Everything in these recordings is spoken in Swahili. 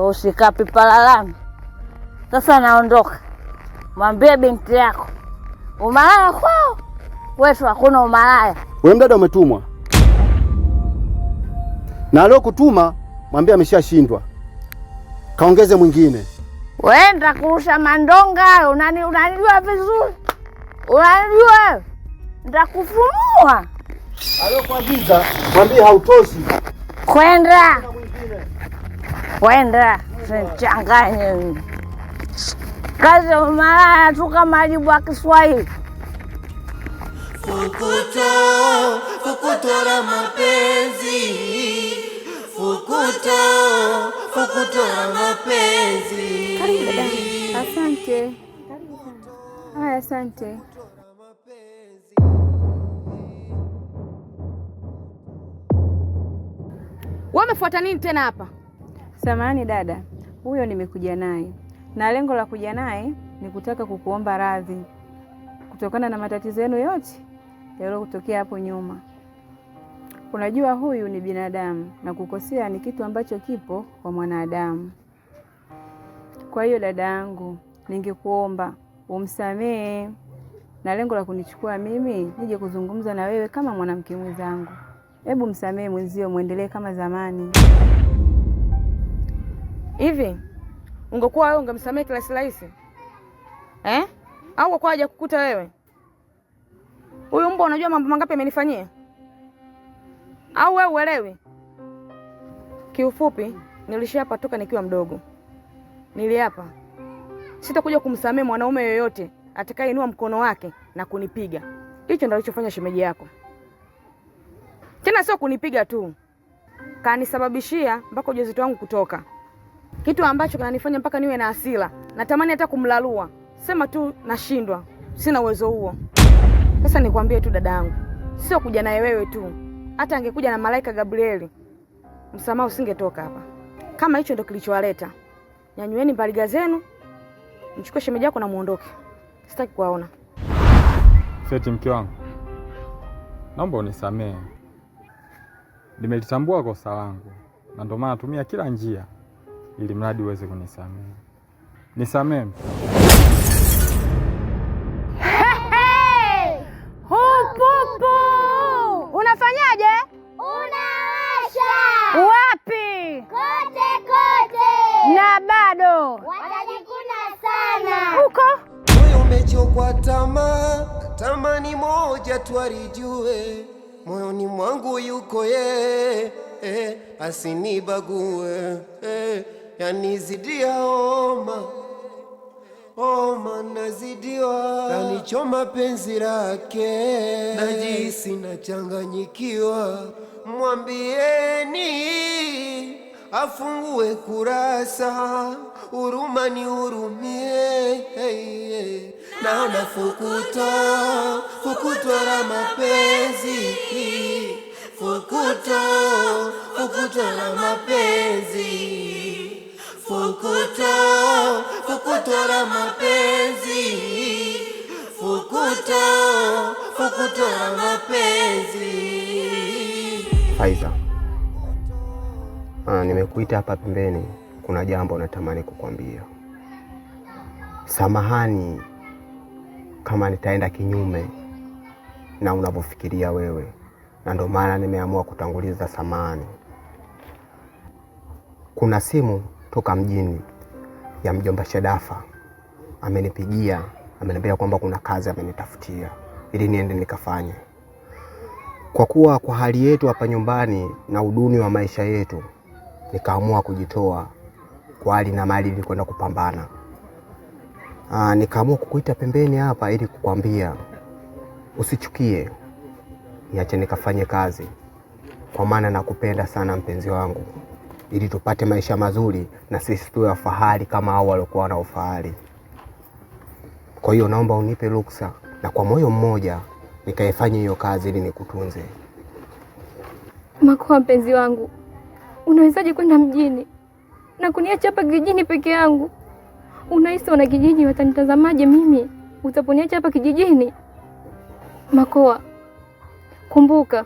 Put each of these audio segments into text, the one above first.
Usikapi lami. Sasa naondoka, mwambie binti yako umalaya kwao wetu hakuna umalaya. Wewe mdada umetumwa na aliokutuma, mwambie ameshashindwa, kaongeze mwingine. Wewe nda kurusha mandonga, unani unanijua vizuri, unanijua ntakufumua Aliokuagiza mwambie hautoshi kwenda waenda changanye kazi mara tu kama ajibu wa Kiswahili fukuto fukuto la mapenzi fukuto fukuto la mapenzi. Asante haya, asante. Wamefuata nini tena hapa? Samani dada, huyo nimekuja naye na lengo la kuja naye ni kutaka kukuomba radhi kutokana na matatizo yenu yote yaliyotokea hapo nyuma. Unajua, huyu ni binadamu na kukosea ni kitu ambacho kipo kwa mwanadamu. Kwa hiyo dada yangu, ningekuomba umsamehe na lengo la kunichukua mimi nije kuzungumza na wewe kama mwanamke mwenzangu. Hebu msamehe mwenzio, mwendelee kama zamani. Hivi ungekuwa wewe ungemsamehe kirahisi rahisi eh? Au kwa kuwa kukuta wewe? Huyu mbwa unajua mambo mangapi amenifanyia? Au wewe uelewi? Kiufupi, nilishapa toka nikiwa mdogo, niliapa sitakuja kumsamehe mwanaume yoyote atakayeinua mkono wake na kunipiga. Hicho ndio alichofanya shemeji yako, tena sio kunipiga tu, kanisababishia mpaka ujauzito wangu kutoka kitu ambacho kinanifanya mpaka niwe na hasira, natamani hata kumlalua, sema tu nashindwa, sina uwezo huo. Sasa nikwambie tu dadangu, sio kuja naye wewe tu, hata angekuja na malaika Gabrieli, msamaha usingetoka hapa. Kama hicho ndo kilichowaleta, nyanyueni mbaliga zenu, mchukue shemeji yako na muondoke, sitaki kuwaona. Seti, mke wangu, naomba unisamehe, nimelitambua kosa langu na ndio maana natumia kila njia ili mradi uweze kunisamehe. Nisamehe. Hupupu unafanyaje? Unawasha wapi? Kote kote, na bado watajikuna sana huko. Moyo umechokwa tamaa, tamani moja tu alijue moyoni mwangu yuko yeye, eh, asinibague yanizidia oma oma, nazidiwa kanichoma penzi lake, najisi nachanganyikiwa, mwambieni afungue kurasa, huruma ni hurumie, hey, hey. Naona fukuto fukuto la mapenzi fukuto fukuto la mapenzi Fukuto, fukuto la mapenzi, fukuto, fukuto la mapenzi. Faiza, ah, nimekuita hapa pembeni, kuna jambo natamani kukwambia. Samahani kama nitaenda kinyume na unavyofikiria wewe, na ndio maana nimeamua kutanguliza samahani. Kuna simu toka mjini ya mjomba Shadafa amenipigia, ameniambia kwamba kuna kazi amenitafutia ili niende nikafanye. Kwa kuwa kwa hali yetu hapa nyumbani na uduni wa maisha yetu, nikaamua kujitoa kwa hali na mali ili kwenda kupambana. Aa, nikaamua kukuita pembeni hapa ili kukwambia usichukie, niache nikafanye kazi, kwa maana nakupenda sana mpenzi wangu ili tupate maisha mazuri na sisi tuwe wafahari kama hao waliokuwa wana ufahari. Kwa hiyo naomba unipe ruksa na kwa moyo mmoja nikaifanye hiyo kazi ili nikutunze. Makoa, mpenzi wangu, unawezaje kwenda mjini na kuniacha hapa kijijini peke yangu? Unahisi wana kijiji watanitazamaje mimi utaponiacha hapa kijijini? Makoa, kumbuka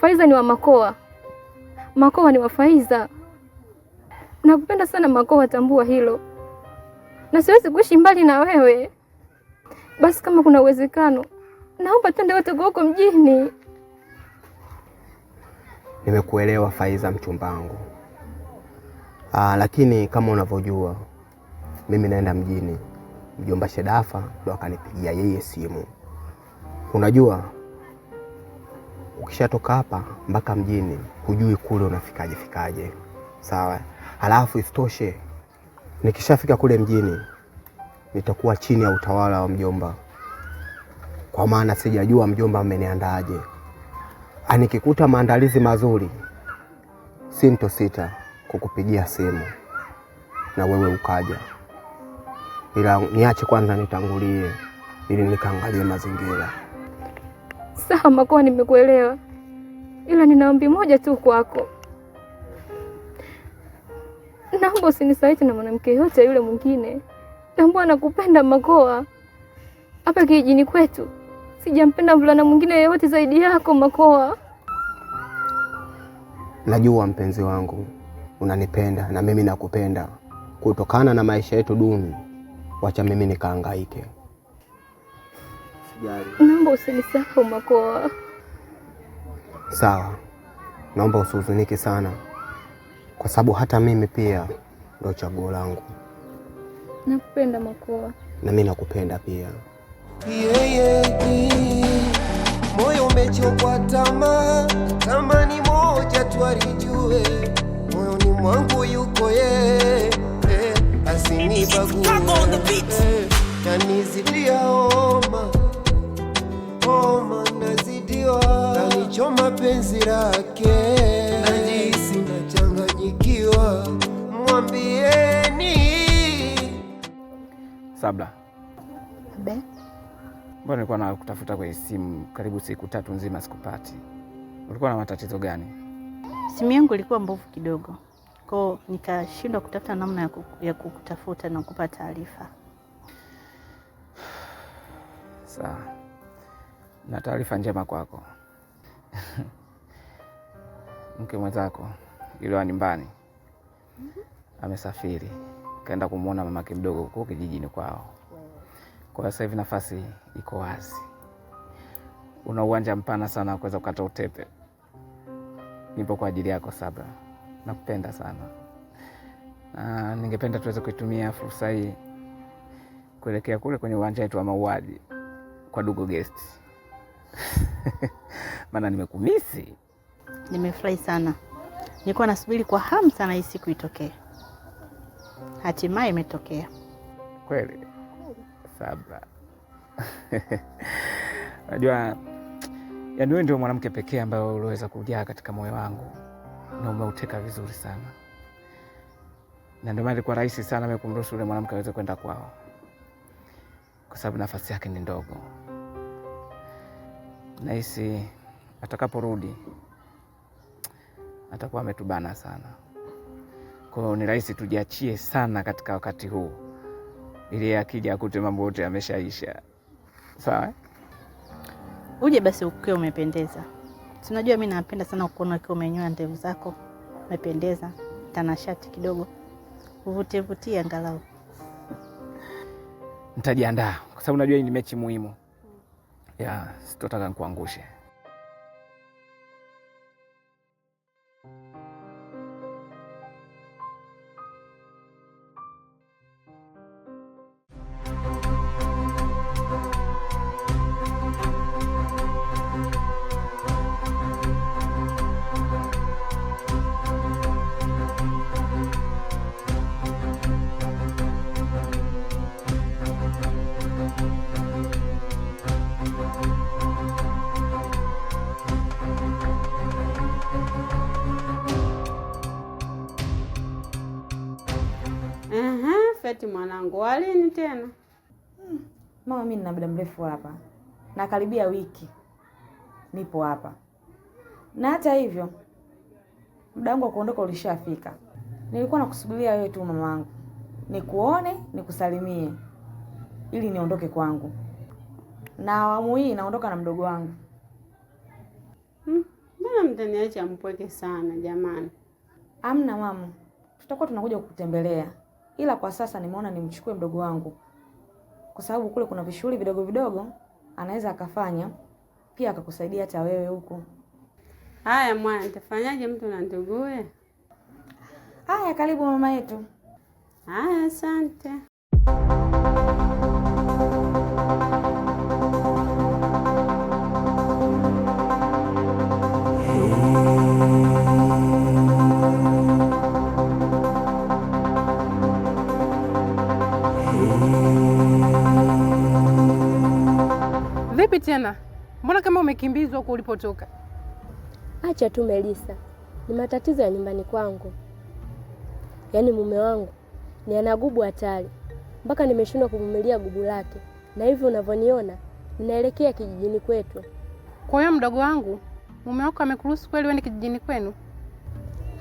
Faiza ni wa Makoa makoa ni wafaiza. Nakupenda sana makoa tambua hilo, na siwezi kuishi mbali na wewe. Basi kama kuna uwezekano, naomba twende wote huko mjini. Nimekuelewa Faiza, mchumbangu. Aa, ah, lakini kama unavyojua mimi naenda mjini, mjomba Shedafa ndo akanipigia yeye simu, unajua ukishatoka hapa mpaka mjini hujui kule unafikaje fikaje, sawa. Halafu isitoshe nikishafika kule mjini nitakuwa chini ya utawala wa mjomba, kwa maana sijajua mjomba ameniandaaje. Anikikuta ah, maandalizi mazuri, sinto sita kukupigia simu na wewe ukaja, ila niache kwanza nitangulie ili nikaangalie mazingira. Sawa makoa nimekuelewa, ila nina ombi moja tu kwako. Naomba usinisaiti na mwanamke yote yule mwingine. Tambua nakupenda makoa Hapa kijijini kwetu sijampenda mvulana mwingine yeyote zaidi yako makoa Najua mpenzi wangu unanipenda na mimi nakupenda. Kutokana na maisha yetu duni, wacha mimi nikaangaike usijali. Naomba usinisahau Makoa. Sawa, naomba usihuzunike sana, kwa sababu hata mimi pia ndo chaguo langu. Nakupenda Makoa. Na mimi nakupenda pia. Yeye moyo umechokwa tamaa, tamani moja tu alijue, moyoni mwangu yuko yeye, asinibague, eh, eh, homa nazidiwa, nalichoma penzi lake, najisi nachanganyikiwa, mwambieni Sabla. Be? Mbona nilikuwa na kutafuta kwenye simu karibu siku tatu nzima sikupati. Ulikuwa na matatizo gani? Simu yangu ilikuwa mbovu kidogo, koo nikashindwa kutafuta namna ya kukutafuta na kukupa taarifa. Sawa na taarifa njema kwako mke mwenzako yule wa nyumbani mm -hmm. amesafiri kaenda kumwona mamake mdogo huko kijijini kwao. Kwa hiyo sasa hivi nafasi iko wazi, una uwanja mpana sana wa kuweza kukata utepe. Nipo kwa ajili yako Sabra, nakupenda sana na ningependa tuweze kuitumia fursa hii kuelekea kule kwenye uwanja wetu wa mauaji kwa Dugo Guest. maana nimekumisi. Nimefurahi sana, nilikuwa nasubiri kwa hamu sana hii siku itokee, hatimaye imetokea kweli. Sabra, najua yani wewe ndio mwanamke pekee ambaye uliweza kujaa katika moyo wangu na umeuteka vizuri sana, na ndio maana ilikuwa rahisi sana mimi kumruhusu yule mwanamke aweze kwenda kwao, kwa sababu nafasi yake ni ndogo nahisi atakaporudi atakuwa ametubana sana. Kwa hiyo ni rahisi tujiachie sana katika wakati huu, ili akija akute mambo yote yameshaisha. Sawa, uje basi ukiwa umependeza. Tunajua mi napenda sana kuona ukiwa umenyoa ndevu zako, umependeza, tanashati kidogo, uvutie angalau. Ntajiandaa kwa sababu najua hii ni mechi muhimu ya sitotaka nikuangushe. eti mwanangu, walini tena hmm. Mama, mimi nina muda mrefu hapa, nakaribia wiki nipo hapa, na hata hivyo muda wangu wa kuondoka ulishafika. Nilikuwa nakusubiria wewe tu mama wangu, nikuone nikusalimie, ili niondoke kwangu, na awamu hii naondoka na mdogo wangu. Hmm. Mbona hmm. mtaniacha mpweke sana jamani? Amna mama, tutakuwa tunakuja kukutembelea ila kwa sasa nimeona nimchukue mdogo wangu, kwa sababu kule kuna vishughuli vidogo vidogo anaweza akafanya pia akakusaidia hata wewe huko. Haya mwana, nitafanyaje mtu na nduguye? Haya, karibu mama yetu. Haya, asante. tena? Mbona kama umekimbizwa huko ulipotoka? Acha tu Melisa, ni matatizo ya nyumbani kwangu. Yaani mume wangu ni anagubu hatari, mpaka nimeshindwa kuvumilia gubu lake, na hivyo unavyoniona ninaelekea kijijini kwetu. Kwa hiyo mdogo wangu, mume wako amekuruhusu kweli uende kijijini kwenu?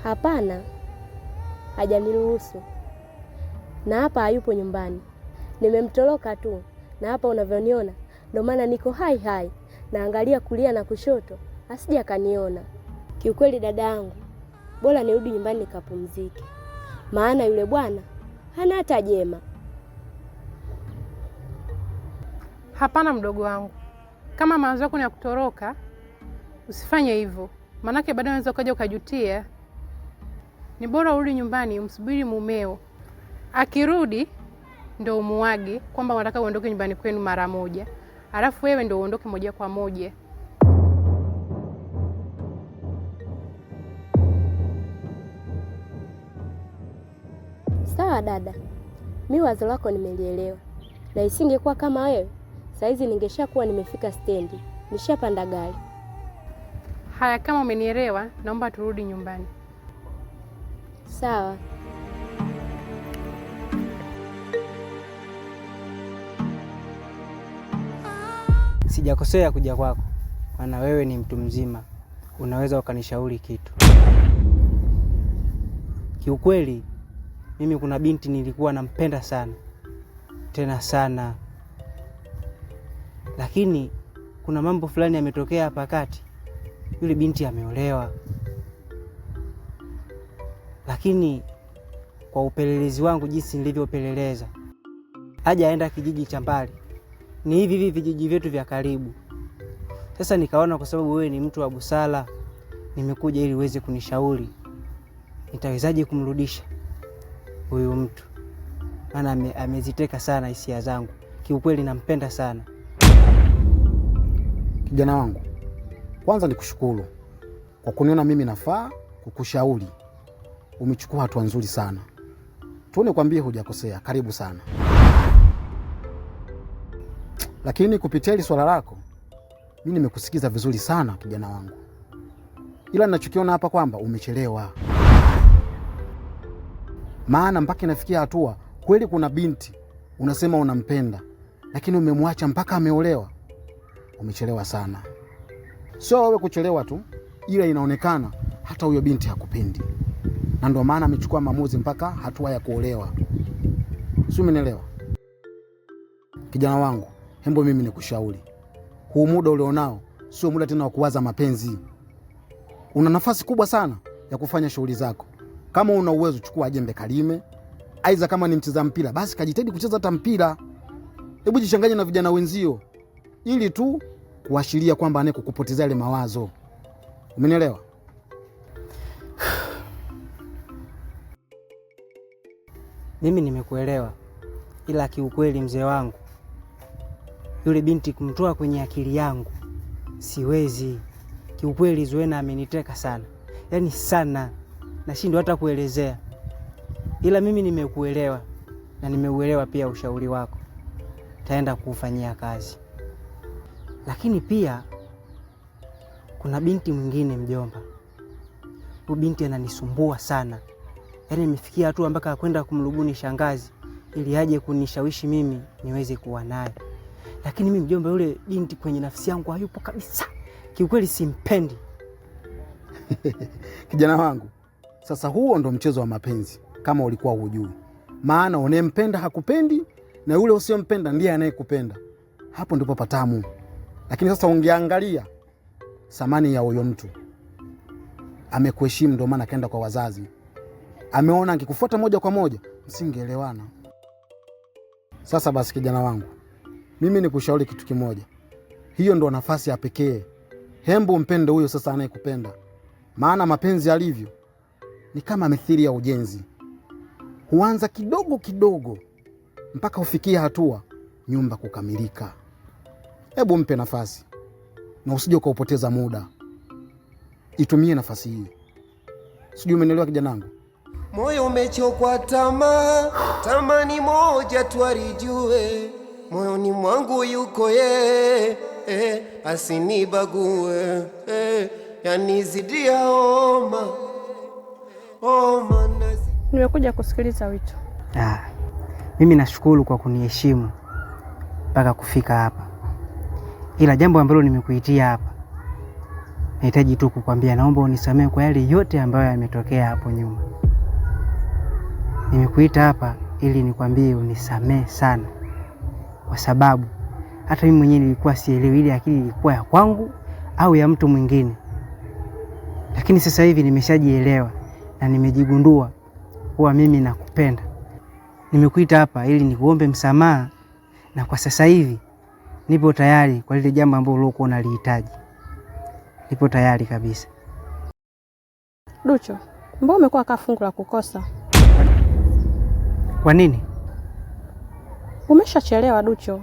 Hapana, hajaniruhusu, na hapa hayupo nyumbani, nimemtoroka tu, na hapa unavyoniona ndio maana niko hai hai, naangalia kulia na kushoto, asija akaniona. Kiukweli dada yangu, bora nirudi nyumbani nikapumzike, maana yule bwana hana hata jema. Hapana mdogo wangu, kama mawazo yako ni ya kutoroka, usifanye hivyo, maanake baadaye unaweza ukaja ukajutia. Ni bora urudi nyumbani, umsubiri mumeo, akirudi ndio umuage kwamba unataka uondoke nyumbani kwenu mara moja alafu wewe ndio uondoke moja kwa moja. Sawa dada, mi wazo lako nimelielewa, na isingekuwa kama wewe saizi ningeshakuwa nimefika stendi, nishapanda gari. Haya, kama umenielewa, naomba turudi nyumbani. Sawa. sijakosea kuja kwako, maana wewe ni mtu mzima, unaweza ukanishauri kitu. Kiukweli mimi kuna binti nilikuwa nampenda sana tena sana, lakini kuna mambo fulani yametokea hapa kati. Yule binti ameolewa, lakini kwa upelelezi wangu, jinsi nilivyopeleleza, haja aenda kijiji cha mbali ni hivi hivi vijiji vyetu vya karibu. Sasa nikaona kwa sababu wewe ni mtu wa busara, nimekuja ili uweze kunishauri nitawezaje kumrudisha huyu mtu, maana ame, ameziteka sana hisia zangu. Kiukweli nampenda sana kijana wangu. Kwanza nikushukuru kwa kuniona mimi nafaa kukushauri, umechukua hatua nzuri sana. Tuone kwambie, hujakosea. Karibu sana. Lakini kupitia hili swala lako mi nimekusikiza vizuri sana kijana wangu, ila nachokiona hapa kwamba umechelewa, maana mpaka inafikia hatua kweli, kuna binti unasema unampenda, lakini umemwacha mpaka ameolewa. Umechelewa sana, sio wewe kuchelewa tu, ila inaonekana hata huyo binti hakupendi, na ndio maana amechukua maamuzi mpaka hatua ya kuolewa. Si umenielewa kijana wangu? Hembo, mimi nikushauri, huu muda ulionao sio muda tena wa kuwaza mapenzi. Una nafasi kubwa sana ya kufanya shughuli zako. Kama una uwezo, chukua jembe kalime, aidha kama ni mcheza mpira, basi kajitahidi kucheza hata mpira. Hebu jichanganye na vijana wenzio, ili tu kuashiria kwamba anaye kukupotezea ile mawazo. Umenielewa? Mimi nimekuelewa, ila kiukweli, mzee wangu yule binti kumtoa kwenye akili yangu siwezi kiukweli. Zuena ameniteka sana, yaani sana, nashindwa hata kuelezea, ila mimi nimekuelewa na nimeuelewa pia ushauri wako, taenda kuufanyia kazi. Lakini pia kuna binti mwingine mjomba, huyu binti ananisumbua sana, yaani imefikia hatua mpaka kwenda kumrubuni shangazi ili aje kunishawishi mimi niweze kuwa naye lakini mimi mjomba, yule binti kwenye nafsi yangu hayupo kabisa, kiukweli simpendi. Kijana wangu, sasa huo ndo mchezo wa mapenzi kama ulikuwa hujui, maana unayempenda hakupendi na yule usiyompenda ndiye anayekupenda. Hapo ndipo patamu. Lakini sasa ungeangalia thamani ya huyo mtu, amekuheshimu, ndio maana akaenda kwa wazazi, ameona angekufuata moja kwa moja msingeelewana. Sasa basi, kijana wangu mimi nikushauri kitu kimoja, hiyo ndo nafasi ya pekee. Hembu mpende huyo sasa anayekupenda, maana mapenzi alivyo ni kama mithili ya ujenzi, huanza kidogo kidogo mpaka hufikia hatua nyumba kukamilika. Hebu mpe nafasi na usije ukaupoteza muda, itumie nafasi hii. Sijui umenielewa kijanangu? Moyo umechokwa tamaa, tamani moja twarijue moyoni mwangu yuko ye eh, asinibague eh, yanizidia homa homa. Nimekuja kusikiliza wito. Ah, mimi nashukuru kwa kuniheshimu mpaka kufika hapa, ila jambo ambalo nimekuitia hapa nahitaji tu kukwambia, naomba unisamehe kwa yale yote ambayo yametokea hapo nyuma. Nimekuita hapa ili nikwambie unisamehe sana kwa sababu hata mimi mwenyewe nilikuwa sielewi ile akili ilikuwa ya kwangu au ya mtu mwingine, lakini sasa hivi nimeshajielewa na nimejigundua kuwa mimi nakupenda. Nimekuita hapa ili nikuombe msamaha, na kwa sasa hivi nipo tayari kwa lile jambo ambalo uliokuwa unalihitaji. Nipo tayari kabisa. Ducho, mbona umekuwa kafungu la kukosa? Kwa nini? Umeshachelewa Ducho.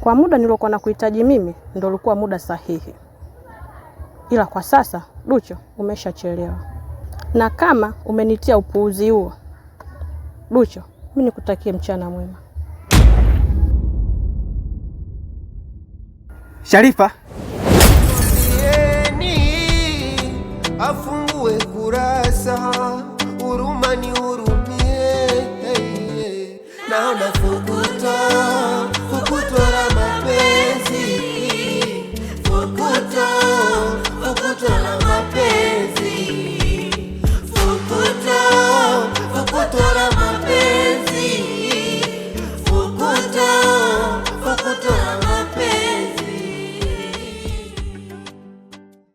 Kwa muda niliokuwa na kuhitaji mimi ndo ulikuwa muda sahihi, ila kwa sasa Ducho umeshachelewa, na kama umenitia upuuzi huo Ducho, mimi nikutakie mchana mwema. Sharifa afungue kurasa huruma ni naona fukuto fukuto la mapenzi fukuto fukuto la mapenzi fukuto fukuto la